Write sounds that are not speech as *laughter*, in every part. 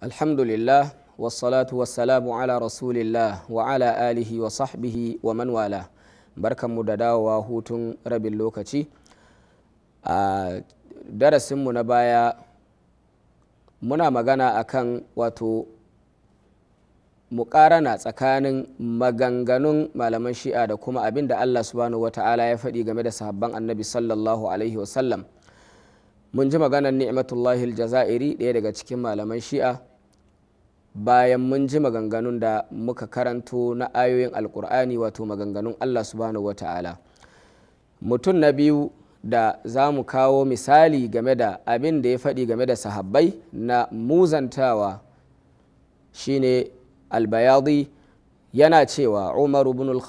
alhamdulillah wassalatu wassalamu ala rasulillah wa ala alihi wa sahbihi wa manwala barkanmu da dawowa hutun rabin lokaci a darasinmu na baya muna magana a kan wato mukarana tsakanin maganganun malaman shi'a da kuma abin da Allah subhanahu wa ta'ala ya faɗi game da sahabban annabi sallallahu alaihi wasallam mun ji maganar ni'matullahi jazairi ɗaya daga cikin malaman shi'a bayan mun ji maganganun da muka karanto na ayoyin alkur'ani wato maganganun allah subhanahu wa ta'ala mutum na biyu da za mu kawo misali game da abin da ya faɗi game da sahabbai na muzantawa shine albayadi yana cewa umar ibn al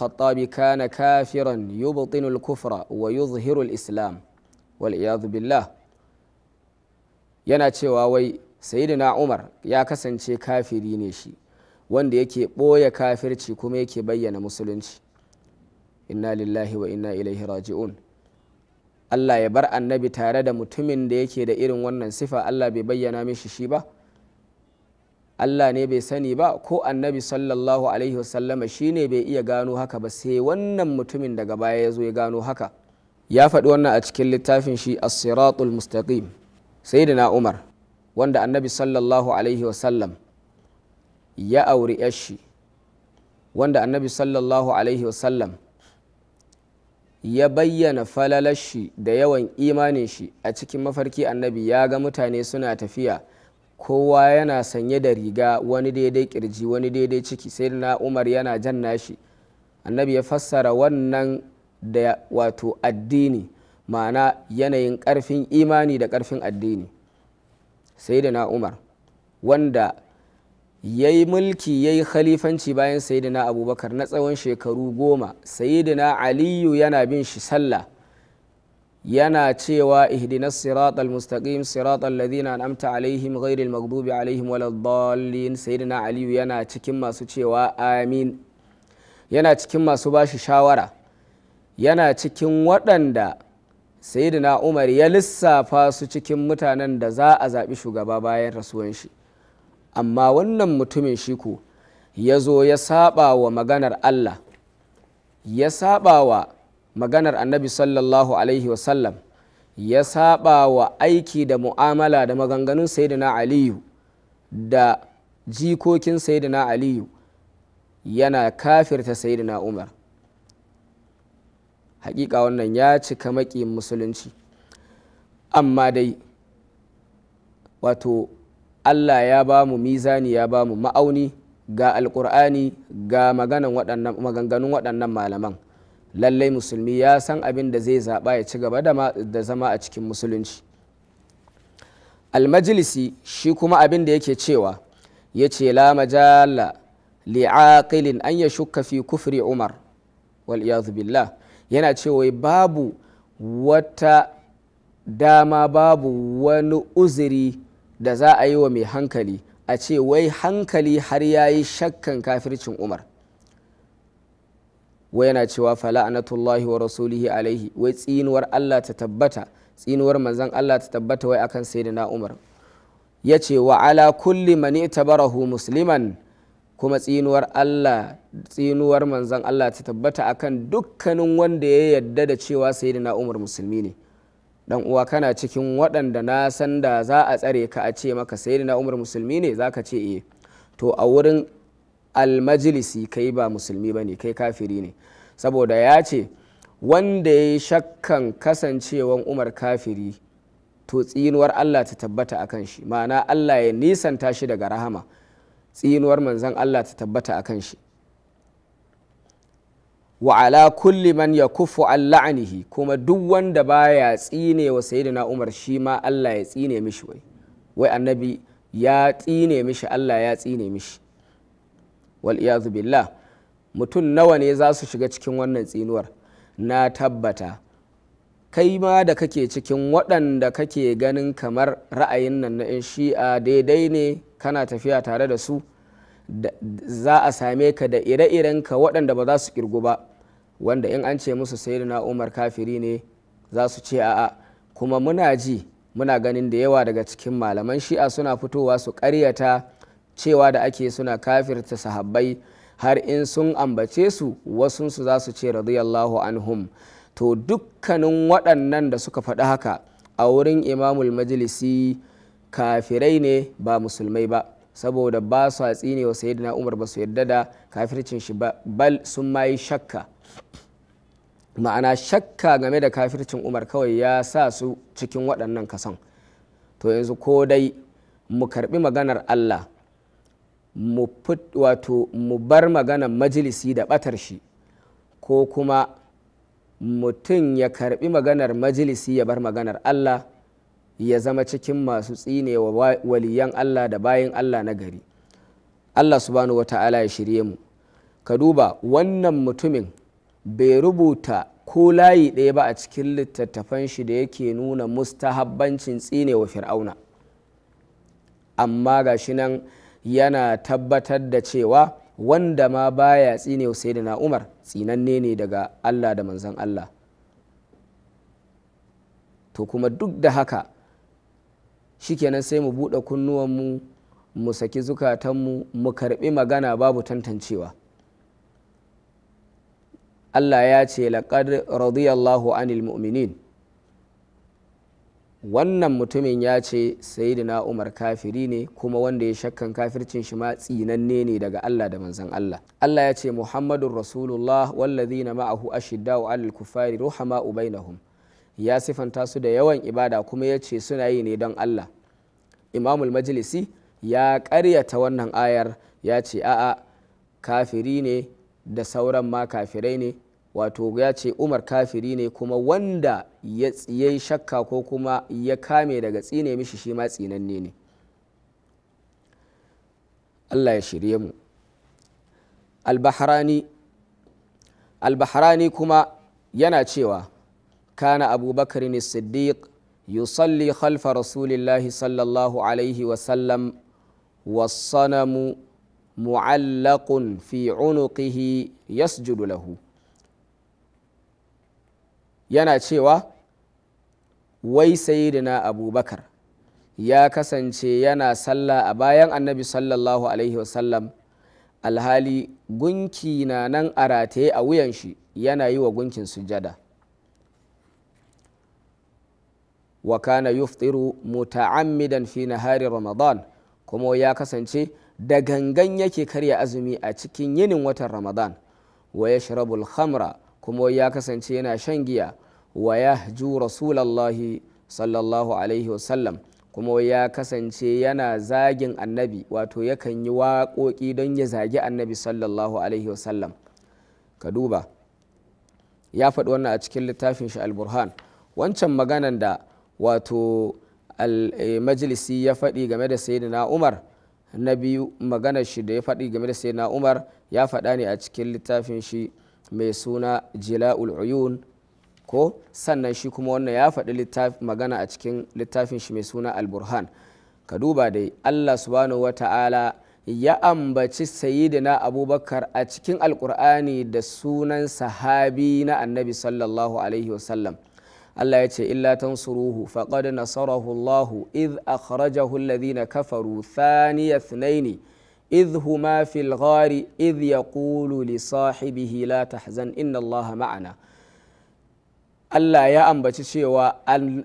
kana kafiran yubtinu al-kufra wa yuzhiru al-islam wal billah yana cewa wai sayyidina umar ya kasance kafiri ne shi wanda yake ɓoye kafirci kuma yake bayyana musulunci inna lillahi wa inna ilaihi raji'un allah ya bar annabi tare da mutumin da yake da irin wannan sifa allah bai bayyana mishi shi ba allah ne bai sani ba ko annabi sallallahu alaihi wasallama shi ne bai iya gano haka ba sai wannan mutumin daga baya ya zo ya gano haka ya faɗi wannan a cikin littafin shi as-siratul mustaqim sayyidina umar wanda annabi sallallahu alaihi wasallam ya auri shi wanda annabi sallallahu alaihi wasallam ya bayyana shi da yawan imanin shi a cikin mafarki annabi ya ga mutane suna tafiya kowa yana sanye da riga wani daidai kirji wani daidai ciki sai na umar yana jan nashi annabi ya fassara wannan da wato addini ma'ana yanayin karfin imani da karfin addini sayyidina umar wanda ya yi mulki ya yi khalifanci bayan sayyidina abubakar na tsawon shekaru goma sayyidina aliyu yana bin shi sallah yana cewa ihdinas siratal mustaqim siratal ladina an'amta alaihim ghairil maghdubi alaihim waladdallin sayyidina aliyu yana cikin masu cewa amin yana cikin masu bashi shawara yana cikin waɗanda sayyidina umar ya lissafa su cikin mutanen da za a zaɓi shugaba bayan rasuwan shi amma wannan mutumin shi ko ya zo ya saba wa maganar allah ya saba wa maganar annabi sallallahu alaihi wasallam ya saba wa aiki da mu'amala da maganganun sayyidina aliyu da jikokin sayyidina aliyu yana kafirta sayyidina umar hakika wannan ya cika maki musulunci amma dai wato allah ya ba mu mizani ya ba mu ma'auni ga alkur'ani ga maganganun waɗannan malaman lallai musulmi ya san abin da zai zaɓa ya ci gaba da zama a cikin musulunci almajlisi shi kuma abin da yake cewa ya ce la majalla li'aqilin an ya shukka fi kufri umar wal billah yana cewa babu wata dama babu wani uzuri da za a yi wa mai hankali a ce wai hankali har ya yi shakkan kafircin umar wai yana cewa fala'anatullahi wa rasulihi alaihi wai tsinuwar allah ta tabbata tsinuwar manzan allah ta tabbata wai akan na umar ya ce wa ala kulli mani tabarahu musliman kuma tsinuwar Allah tsinuwar manzan Allah ta tabbata akan dukkanin wanda ya yadda da cewa da naumar musulmi ne dan uwa kana cikin waɗanda na san da za a tsare ka a ce maka da naumar musulmi ne za ka ce eh to a wurin almajlisi kai ba musulmi ba ne kai kafiri ne saboda ya ce wanda ya yi shakkan kasancewan Umar kafiri to tsinuwar Allah ta tabbata akan shi ma'ana Allah ya nisanta shi daga rahama tsinuwar manzan Allah ta tabbata a kan shi wa'ala ala kulli man ya kufu an la'anihi kuma duk wanda baya tsine wa sayyidina umar shi ma Allah ya tsine mishi wai wai annabi ya tsine mishi Allah ya tsine mishi wal billah mutum nawa ne za su shiga cikin wannan tsinuwar na tabbata kai ma da kake cikin waɗanda kake ganin kamar ra'ayin nan na 'yan shi'a daidai ne kana tafiya tare da su za a same ka da ire iren ka waɗanda ba za su kirgu ba wanda in an ce musu sai na umar kafiri ne za su ce a'a kuma muna ji muna ganin da yawa daga cikin malaman shi'a suna fitowa su karyata cewa da ake suna kafirta sahabbai har in sun ambace su wasunsu za su ce radiyallahu anhum to dukkanin waɗannan da suka faɗi haka a wurin imamul majalisi kafirai ne ba musulmai ba saboda ba su hatsi ne wa yadda umar ba su yarda da kafircin shi ba bal sun ma yi shakka ma'ana shakka game da kafircin umar kawai ya sa su cikin waɗannan kasan to yanzu ko dai mu karbi maganar allah mu wato mu bar maganar majalisi da ɓatar shi ko kuma mutum ya karbi maganar majalisi ya bar maganar Allah ya zama cikin masu tsine wa waliyan Allah da bayin Allah na gari Allah subhanahu wa ta'ala ya shirye mu ka duba wannan mutumin bai rubuta ko layi ɗaya ba a cikin littattafan shi da yake nuna mustahabbancin tsine wa fir'auna amma ga shi nan yana tabbatar da cewa wanda ma baya tsine sai na umar tsinanne ne daga allah da manzan allah to kuma duk da haka shi shikenan sai mu buɗe kunnuwanmu mu saki zukatanmu mu karɓi magana babu tantancewa allah ya ce laƙar radiyallahu anil mu'minin wannan mutumin ya ce sayidina umar kafiri ne kuma wanda ya shakkan kafircin shi ma tsinanne ne daga allah da manzan allah allah ya ce muhammadun rasulullah zina ma'ahu ashiddau alal kufari ruhama'u bainahum ya sifanta su da yawan ibada kuma ya ce suna yi ne don allah imamul majlisi ya karyata wannan ayar ya ce a'a kafiri ne da sauran ma kafirai ne wato ya ce umar kafiri ne kuma wanda ya yi shakka ko kuma ya kame daga tsine mishi shi ma tsinanne ne allah ya shirye mu albaharani albaharani kuma yana cewa kana abubakar ne siddiq yusalli khalfa rasulillahi sallallahu alaihi wasallam wasanamu mu'allaqun fi unuqihi yasjudu lahu yana cewa wai sayidina abubakar ya kasance yana sallah a bayan annabi sallallahu alaihi wasallam alhali gunki na nan a rataye a wuyan shi yana yi wa gunkin sujada wa kana yuftiru muta'ammidan fi nahari ramadan kuma ya kasance da gangan yake karya azumi a cikin yinin watan ramadan wa yashrabul khamra kuma ya kasance yana shan giya wa yahju rasulallahi sallallahu alaihi wasallam kuma ya kasance yana zagin annabi wato yakan yi waƙoƙi don ya zagi annabi sallallahu alaihi wasallam ka duba ya faɗi wannan a cikin littafin shi al-burhan wancan maganan da wato e, majalisi ya faɗi game da sayyidina umar na biyu maganar shi da ya faɗi game da sayyidina umar ya faɗa ne a cikin littafin shi mai suna jila'ul uyun ko sannan shi kuma wannan ya faɗi magana a cikin littafin shi mai suna alburhan ka duba dai allah subhanahu wa ta'ala ya ambaci sayidina abubakar a cikin alkur'ani da sunan sahabi na annabi sallallahu alaihi wasallam allah ya ce illa tansuruhu faqad nasarahu allahu idh akhrajahu alladhina kafaru thaniya thnaini إذ هما في الغار إذ يقول لصاحبه لا تحزن إن الله معنا Allah ya ambaci cewa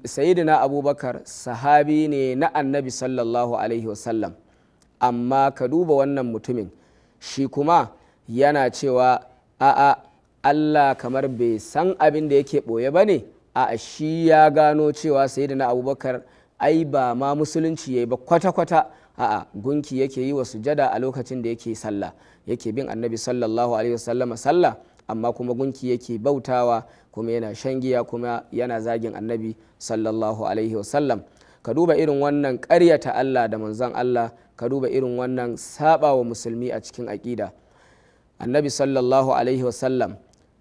Sayyidina Abubakar sahabi ne na annabi sallallahu Alaihi wasallam amma ka duba wannan mutumin shi kuma yana cewa a'a Allah kamar bai san abin da yake ɓoye ba ne a'a shi ya gano cewa Sayyidina Abubakar ai ba ma musulunci ya yi ba kwata-kwata a'a gunki yake yi wa sujada a lokacin da yake sallah yake bin annabi sallallahu alaihi wasallam sallah amma kuma gunki yake bautawa kuma yana shan giya kuma yana zagin annabi sallallahu alaihi wasallam ka duba irin wannan karyata Allah da manzon Allah ka duba irin wannan saba wa musulmi a cikin aƙida annabi sallallahu alaihi wasallam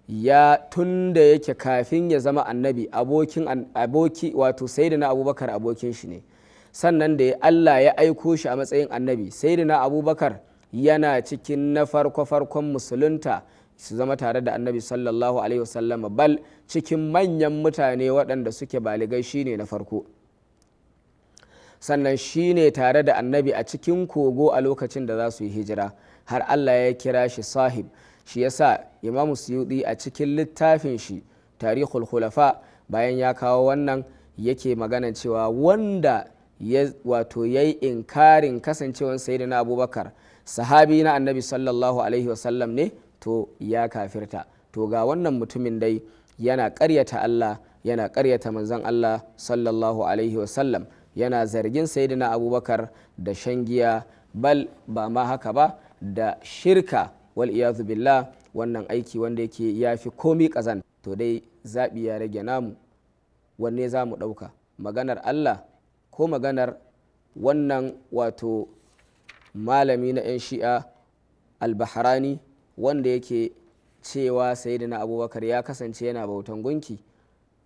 ya tun yake kafin ya zama annabi abokin aboki wato sayyidina abubakar abokin shi ne sannan da Allah ya aiko shi a matsayin annabi sai na abubakar yana cikin na farko-farkon musulunta su zama tare da annabi sallallahu alaihi wasallama bal cikin manyan mutane waɗanda suke baligai shine na farko sannan shine tare da annabi a cikin kogo a lokacin da za su yi hijira har allah ya kira shi sahib shi yasa imamu suyuɗi a cikin littafin shi tarihul khulafa bayan ya kawo wannan yake maganan cewa wanda wato ya yi inkarin kasancewan sayyidina abubakar sahabi na annabi sallallahu alaihi wasallam ne to ya kafirta to ga wannan mutumin dai yana karyata allah yana karyata manzon allah sallallahu alaihi wasallam yana zargin na abubakar da shangiya bal ba ma haka ba da shirka wal billah wannan aiki wanda yake ya fi komi kazan to dai zaɓi ya rage namu wanne za mu ɗauka maganar allah ko maganar wannan wato malami na 'yan shi'a albaharani wanda yake cewa sayidina abubakar ya kasance yana bautan gunki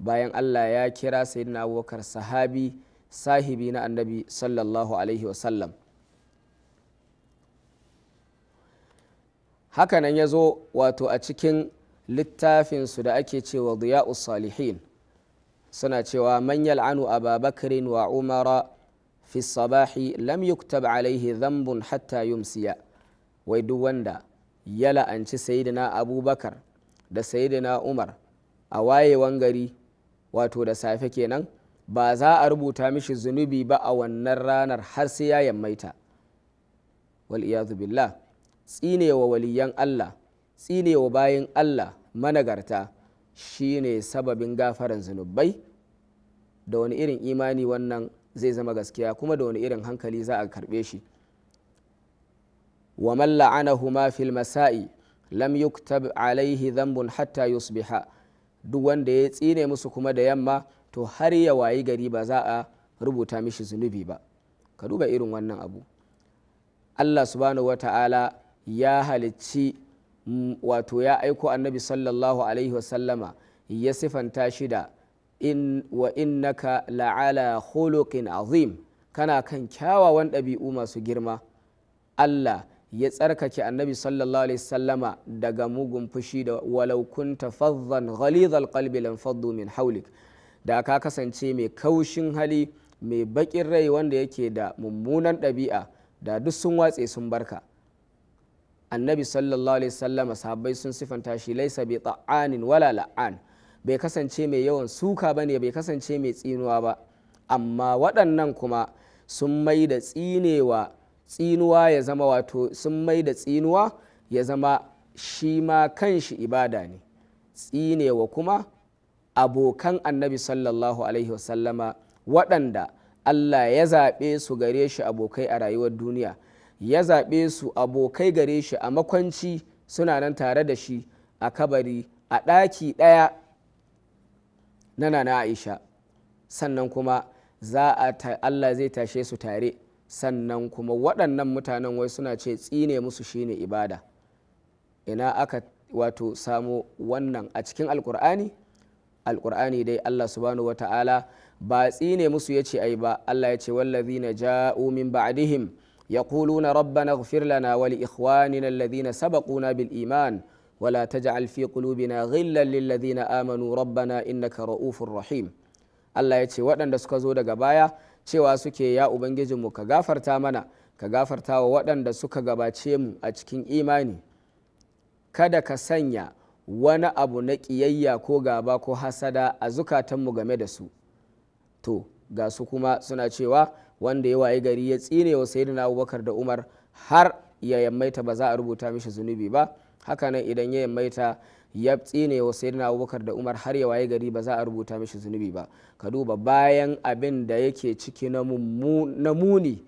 bayan allah ya kira sayidina abubakar sahabi sahibi na annabi sallallahu alaihi wasallam hakanan ya zo wato a cikin littafinsu da ake cewa diya'u salihin suna cewa man yal'anu ababakrin wa umara fi sabahi lam yuktab alaihi zambun hatta yumsiya wai duk wanda ya la'anci sayidina abubakar da sayidina umar a wayewan gari wato da safe kenan ba za a rubuta mishi zunubi ba a wannan ranar har sai ya yammaita wal'iyazu billah tsinewa waliyan allah tsinewa bayan allah managarta shine sababin gafaran zunubai da wani irin imani wannan zai zama gaskiya kuma da wani irin hankali za a karbe shi wa man ma fil masa'i lam yuktab alaihi dhanbun hatta yusbiha duk wanda ya tsine musu kuma da yamma to har ya wayi gari ba za a rubuta mishi zunubi ba ka duba irin wannan abu allah subhanahu wa ta'ala ya halicci Mm, wato ya aiko annabi sallallahu alaihi wasallama ya sifanta shi da in wa innaka la'ala khuluqin azim kana kan kyawawan ɗabi'u masu girma Allah ya tsarkake annabi sallallahu alaihi sallama daga mugun fushi da walau kunta faddan ghalidhal qalbi lan faddu min haulik da ka kasance mai kaushin hali mai baƙin rai wanda yake da mummunan ɗabi'a da duk sun watse sun barka annabi sallallahu alaihi sallama sahabbai sun sifanta shi laisa bi ta'anin wala la'an bai kasance mai yawan suka bane bai kasance mai tsinuwa ba amma waɗannan kuma sun mai da tsinewa tsinuwa ya zama wato sun mai da tsinuwa ya zama shi ma kanshi ibada ne tsinewa kuma abokan annabi sallallahu alaihi wasallama waɗanda allah ya zaɓe su gare shi abokai a rayuwar duniya ya zaɓe su abokai gare shi a makwanci suna nan tare da shi a kabari a ɗaki ɗaya na nana aisha sannan kuma za a allah zai tashe su tare sannan kuma waɗannan mutanen wai suna ce tsine musu shine ibada ina aka wato samo wannan a cikin alkur'ani alkur'ani dai allah subhanahu wa ta'ala ba tsine musu ya ce ai ba allah ya ce wallazina ja'u min ba'dihim يقولون ربنا اغفر لنا ولإخواننا الذين سبقونا بالإيمان ولا تجعل في قلوبنا غلا للذين آمنوا ربنا Allah رؤوف رحيم الله يتي zo daga baya cewa suke ya ubangijinmu ka gafarta mana ka gafarta wa waɗanda suka gabace mu a cikin imani kada ka sanya wani abu na ƙiyayya ko gaba ko hasada a zukatanmu game da su to ga su kuma suna cewa wanda ya waye gari ya tsine wa na abubakar da umar har ya yammaita ba za a rubuta mishi zunubi ba hakanan idan ya yammaita ya tsine wa na abubakar da umar har ya waye gari ba za a rubuta mishi zunubi ba ka duba bayan abin da yake ciki na muni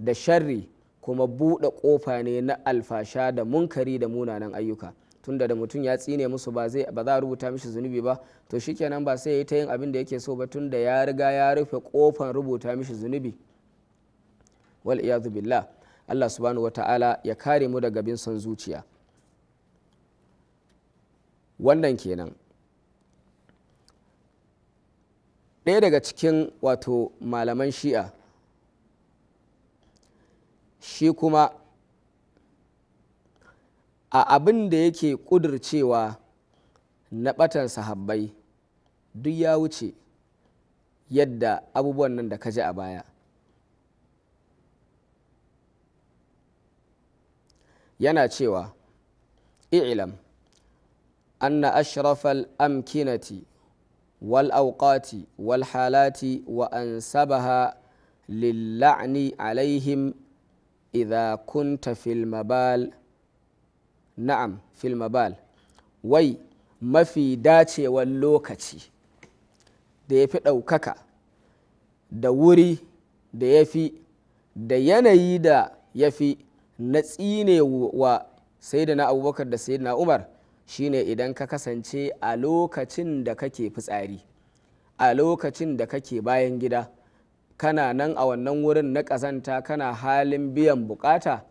da sharri kuma buɗe ƙofa ne na alfasha da munkari da munanan ayyuka tunda da mutum ya tsine musu ba za a rubuta mishi zunubi ba to shikenan ba sai ya yi ta yin abin da yake so ba tunda ya riga ya rufe ƙofan rubuta mishi zunubi wal iyadu billah Allah subhanahu wata'ala ya kare mu daga bin son zuciya wannan kenan ɗaya daga cikin wato malaman shi'a shi kuma a abin da yake ƙudurcewa na ɓatan sahabbai duk ya wuce yadda abubuwan nan da ka ji a baya yana cewa i'lam anna ashrafal amkinati wal auqati wal halati wa ansabaha lilla'ni alaihim idha kunta fil mabal na'am fil mabal wai mafi dacewar lokaci da ya fi ɗaukaka da wuri da ya fi da yanayi da ya fi na tsine wa na abubakar da na umar shine idan ka kasance a lokacin da kake fitsari a lokacin da kake bayan gida kana nan a wannan wurin na ƙazanta kana halin biyan bukata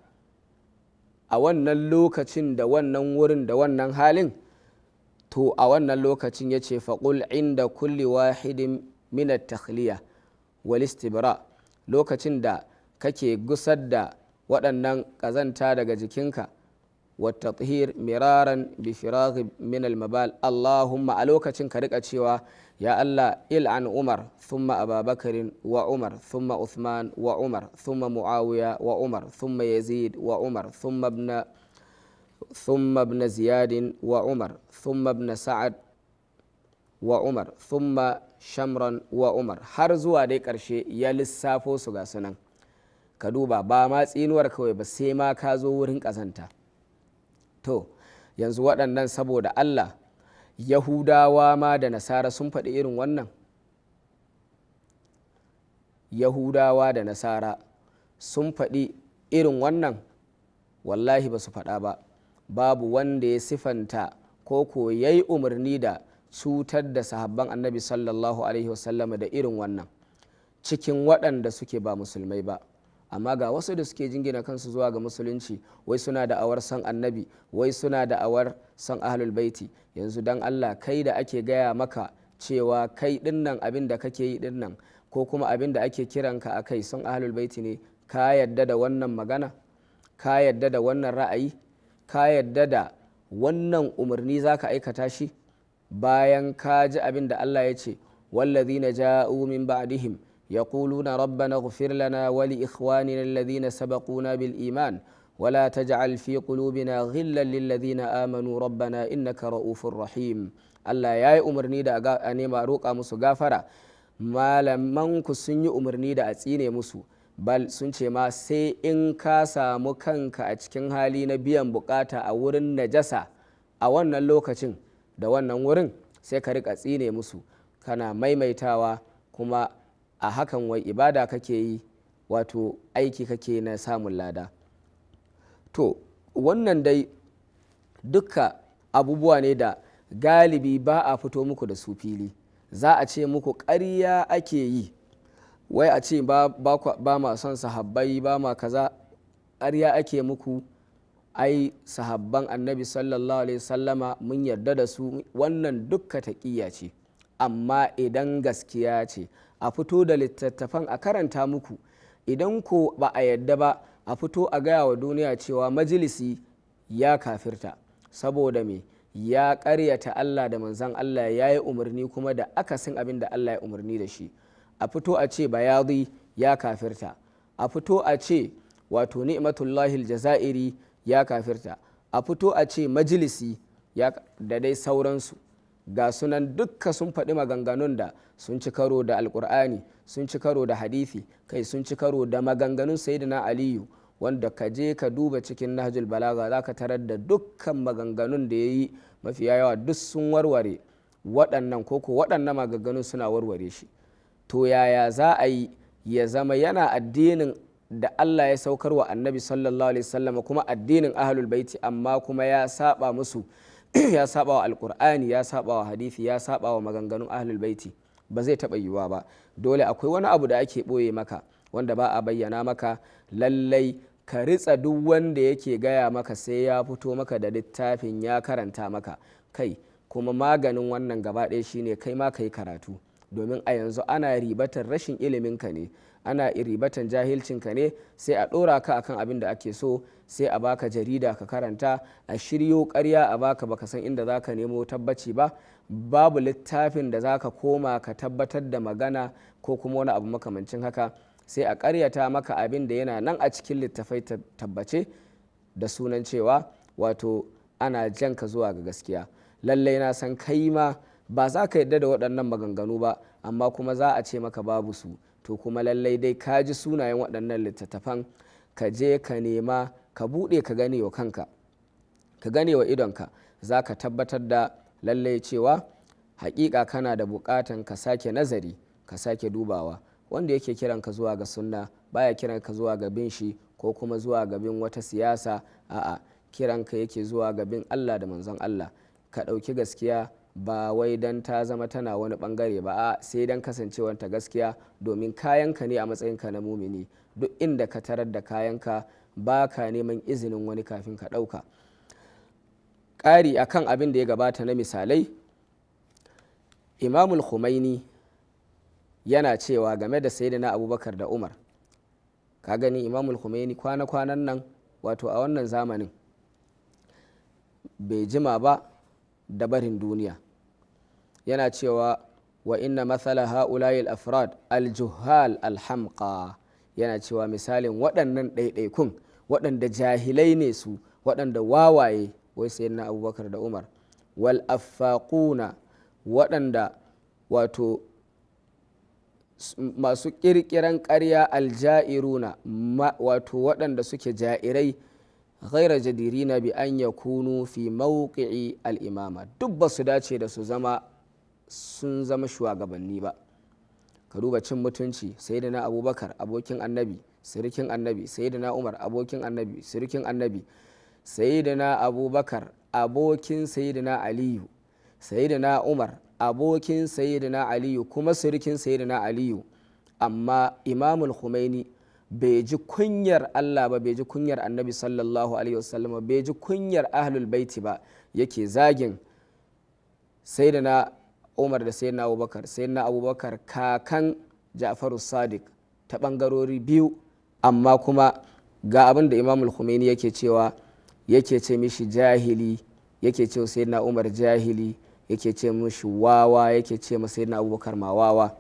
a wannan lokacin da wannan wurin da wannan halin to a wannan lokacin ya ce faƙul inda kulli wahidin minat takhliya wal istibra lokacin da kake gusar da waɗannan ƙazanta daga jikinka والتطهير مرارا بفراغ من المبال اللهم ألوك تنكرك أتشوا يا الله عن عمر ثم أبا بكر وعمر ثم عثمان وعمر ثم معاوية وعمر ثم يزيد وعمر ثم ابن ثم ابن زياد وعمر ثم ابن سعد وعمر ثم شمرا وعمر har zuwa dai ƙarshe ya lissafo su ka duba ba ma tsinuwar kawai ba sai ma ka zo wurin ƙazanta to yanzu waɗannan saboda allah yahudawa ma da nasara sun faɗi irin wannan yahudawa da nasara sun faɗi irin wannan wallahi ba su faɗa ba babu wanda ya sifanta ko ko ya yi umarni da cutar da sahabban annabi sallallahu alaihi wasallama da irin wannan cikin waɗanda suke ba musulmai ba amma ga wasu da suke jingina kansu zuwa ga musulunci wai suna da awar san annabi wai suna da awar san ahlul baiti yanzu dan allah kai da ake gaya maka cewa kai dinnan abin da kake yi dinnan ko kuma abin da ake kiranka a kai san ahlul baiti ne ka yadda da wannan magana ka yadda da wannan ra'ayi ka yadda da wannan umarni za ka aikata shi bayan ka ji abin da allah ya ce wallazi wallazina ja'u min ba'dihim يقولون ربنا اغفر لنا ولإخواننا الذين سبقونا بالإيمان ولا تجعل في قلوبنا غلا للذين آمنوا ربنا إنك رؤوف رحيم Allah ya yi umarni da a nema roƙa musu gafara malamanku sun yi umarni da a tsine musu bal sun ce ma sai in ka samu kanka a cikin hali na biyan bukata a wurin najasa a wannan lokacin da wannan wurin sai ka riƙa tsine musu kana maimaitawa kuma a hakan wai ibada kake yi wato aiki kake na samun lada to wannan dai duka abubuwa ne da galibi ba a fito muku da su fili za a ce muku ƙarya ake yi wai a ce ba, ba, ba ma son sahabbai ba ma kaza ƙarya ake muku ai sahabban annabi sallallahu alaihi sallama mun yarda da su wannan duka ta ce amma idan gaskiya ce a fito da littattafan a karanta muku idan ko ba a yadda ba a fito a gaya wa duniya cewa majalisi ya kafirta saboda me ya karyata Allah da manzan Allah ya yi umarni kuma da aka akasin abin da Allah ya umarni da shi a fito a ce bayadi ya kafirta a fito a ce wato ni'matullahi jazairi ya kafirta a fito a ce majalisi da dai sauransu ga sunan dukka sun faɗi maganganun da sun ci karo da alkur'ani sun ci karo da hadithi kai sun ci karo da maganganun sayyidina aliyu wanda ka je ka duba cikin nahjul balaga za ka tarar da dukkan maganganun da ya yi mafi yawa duk sun warware waɗannan koko waɗannan maganganun suna warware shi to yaya za a yi ya zama yana addinin da allah ya saukar wa annabi sallallahu alaihi kuma addinin ahlul baiti amma kuma ya saba musu *clears throat* ya saba wa alkur'ani ya saba wa hadithi ya saba wa maganganun ahlul baiti ba zai taɓa yiwuwa ba dole akwai wani abu da ake ɓoye maka wanda ba a bayyana maka lallai ka ritsa duk wanda yake gaya maka sai ya fito maka da littafin ya karanta maka kai kuma maganin wannan gaba ɗaya shine kai ma ka yi karatu domin a yanzu ana ribatar rashin ilimin ka ne ana ribatar jahilcin ka ne sai a ɗora ka akan abin da ake so sai a baka jarida ka karanta a shiryo karya a baka baka san inda zaka nemo tabbaci ba babu littafin da zaka koma ka tabbatar da magana ko kuma wani abu makamancin haka sai a karyata maka abin da yana nan a cikin littafai tabbace da sunan cewa wato ana jan ka zuwa ga gaskiya lallai na san kai ma ba za ka yadda da waɗannan maganganu ba amma kuma za a ce maka babu su to kuma lallai dai ka ji sunayen waɗannan littattafan ka je ka nema ka buɗe ka gane wa kanka ka gane wa idonka za ka tabbatar da lallai cewa hakika kana da buƙatan ka sake nazari ka sake dubawa wanda yake kiran ka zuwa ga sunna baya kiran ka zuwa ga bin shi ko kuma zuwa ga bin wata siyasa a'a kiran ka yake zuwa ga bin Allah da manzon Allah ka ɗauki gaskiya ba wai dan ta zama tana wani bangare ba a sai dan kasancewanta gaskiya domin kayanka ne a matsayin ka na mumini duk inda ka tarar da kayanka ba ka neman izinin wani kafin ka ɗauka ƙari a kan abin da ya gabata na misalai imamul khumaini yana cewa game da na abubakar da umar ka gani imamul khumaini kwana-kwanan nan wato a wannan zamanin bai jima ba da barin duniya yana cewa wa inna matsala ha'ulayil afrad aljuhal alhamqa yana cewa misalin waɗannan ɗaiɗaikun waɗanda jahilai ne su waɗanda wawaye wai sai na abubakar da umar wal afaquna waɗanda wato masu ƙirƙiran ƙarya alja'iruna wato waɗanda suke ja'irai ghaira jadirina bi an ya kunu fi mawqi'i al'imama duk ba su dace da su zama sun zama shugabanni ba ka duba cin mutunci sai da na abubakar abokin annabi sirikin annabi sayyidina umar abokin annabi sirikin annabi sayyidina abubakar abokin sayyidina aliyu sayyidina umar abokin sayyidina aliyu kuma sirikin sayyidina aliyu amma imamul khumaini bai ji kunyar allah ba bai ji kunyar annabi sallallahu alaihi wasallam bai ji kunyar ahlul baiti ba yake zagin sayyidina umar da sayyidina abubakar sayyidina abubakar kakan ja'faru sadiq ta bangarori biyu amma kuma ga abin da imamul khomeini yake cewa yake ce mishi jahili yake ce na umar jahili yake ce mishi wawa yake ce ma na abubakar ma wawa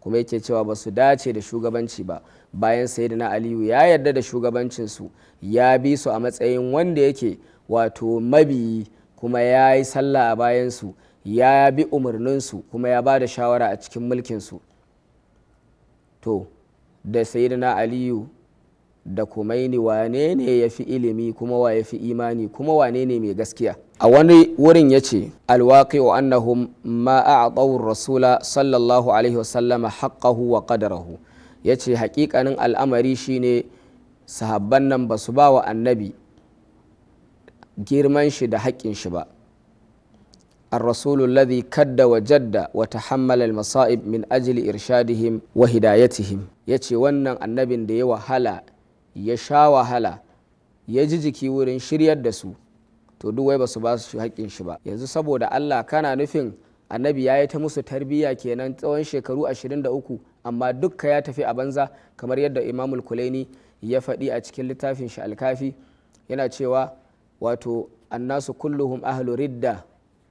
kuma yake cewa ba su dace da shugabanci ba bayan na aliyu ya yarda da shugabancinsu ya bi su a matsayin wanda yake wato mabi kuma ya yi sallah a bayansu ya bi umarninsu kuma ya ba da shawara a cikin mulkinsu to da sayyidina aliyu da kumaini wane ne ya fi ilimi kuma wa ya fi imani kuma wane ne mai gaskiya a wani wurin ya ce alwaƙi wa annahum ma a rasula sallallahu alaihi wasallama haƙahu wa ƙadarahu ya ce haƙiƙanin al'amari shine sahabban nan ba su ba wa annabi girman shi da haƙƙin shi ba الرسول الذي كد وجد وتحمل المصائب من أجل إرشادهم وهدايتهم يتي ونن النبي دي wahala. ya sha wahala ya ji jiki wurin shiryar da su to duk wai ba su ba su haƙƙin shi ba yanzu saboda Allah kana nufin annabi ya yi ta musu tarbiyya kenan tsawon shekaru 23 amma dukka ya tafi a banza kamar yadda imamul kulaini ya faɗi a cikin littafin shi alkafi yana cewa wato annasu kulluhum ahlu ridda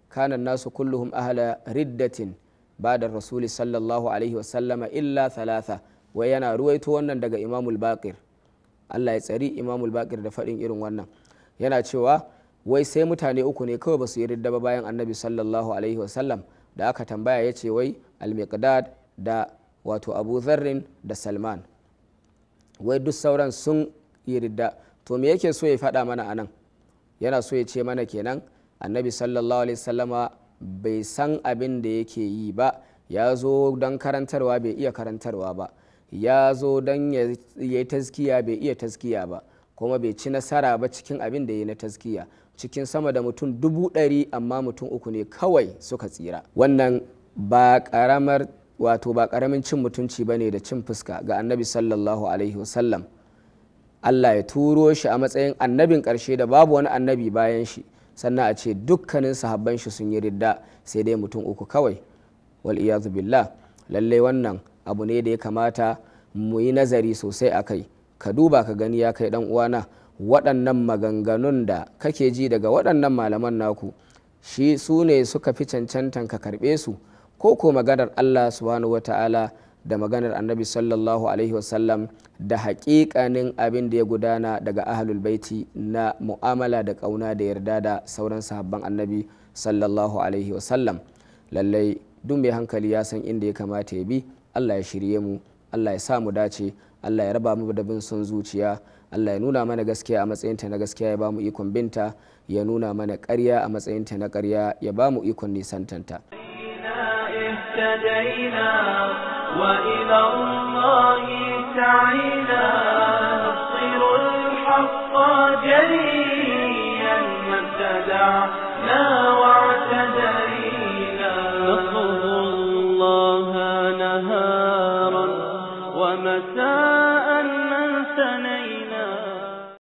kana nasu kulluhum ahla riddatin bada rasuli sallallahu alaihi wasallama illa thalatha wai yana ruwaito wannan daga imamul baqir Allah ya tsari imamul bakir da faɗin irin wannan yana cewa wai sai mutane uku ne kawai ba su yi ba bayan annabi sallallahu alaihi wasallam da aka tambaya ya ce wai almiqdad da wato abu zarrin da salman wai duk sauran sun yi ridda to me yake so ya faɗa mana a nan yana so ya ce mana kenan annabi sallallahu alaihi wasallama bai san abin da yake yi ba ya zo don karantarwa bai iya karantarwa ba ya zo don ya yi taskiya bai iya taskiya ba kuma bai ci nasara ba cikin abin da ya na taskiya cikin sama da mutum dubu ɗari amma mutum uku ne kawai suka tsira wannan ba ƙaramar wato ba ƙaramin cin mutunci ba ne da cin fuska ga annabi sallallahu alaihi wasallam allah ya turo shi a matsayin annabin ƙarshe da babu wani annabi bayan shi sannan a ce dukkanin sahabban shi sun yi ridda sai dai mutum uku kawai wal billah lallai wannan abu ne da ya kamata mu yi nazari sosai a kai ka duba ka gani ya kai uwana waɗannan maganganun da kake ji daga waɗannan malaman naku shi su ne suka fi cancantan ka karɓe su ko ko maganar allah subhanahu wa ta'ala da maganar annabi sallallahu alaihi wasallam da haƙiƙanin abin da ya gudana daga ahlul baiti na mu'amala da ƙauna da yarda da sauran sahabban annabi sallallahu alaihi wasallam lallai duk mai hankali ya san inda ya kamata ya bi Allah ya shirye mu Allah ya sa mu dace Allah ya raba mu da bin son zuciya Allah ya nuna mana gaskiya a matsayinta na gaskiya ya ba mu ikon binta ya nuna mana ƙarya a matsayinta na ƙarya ya ba mu ikon nisantanta وإلى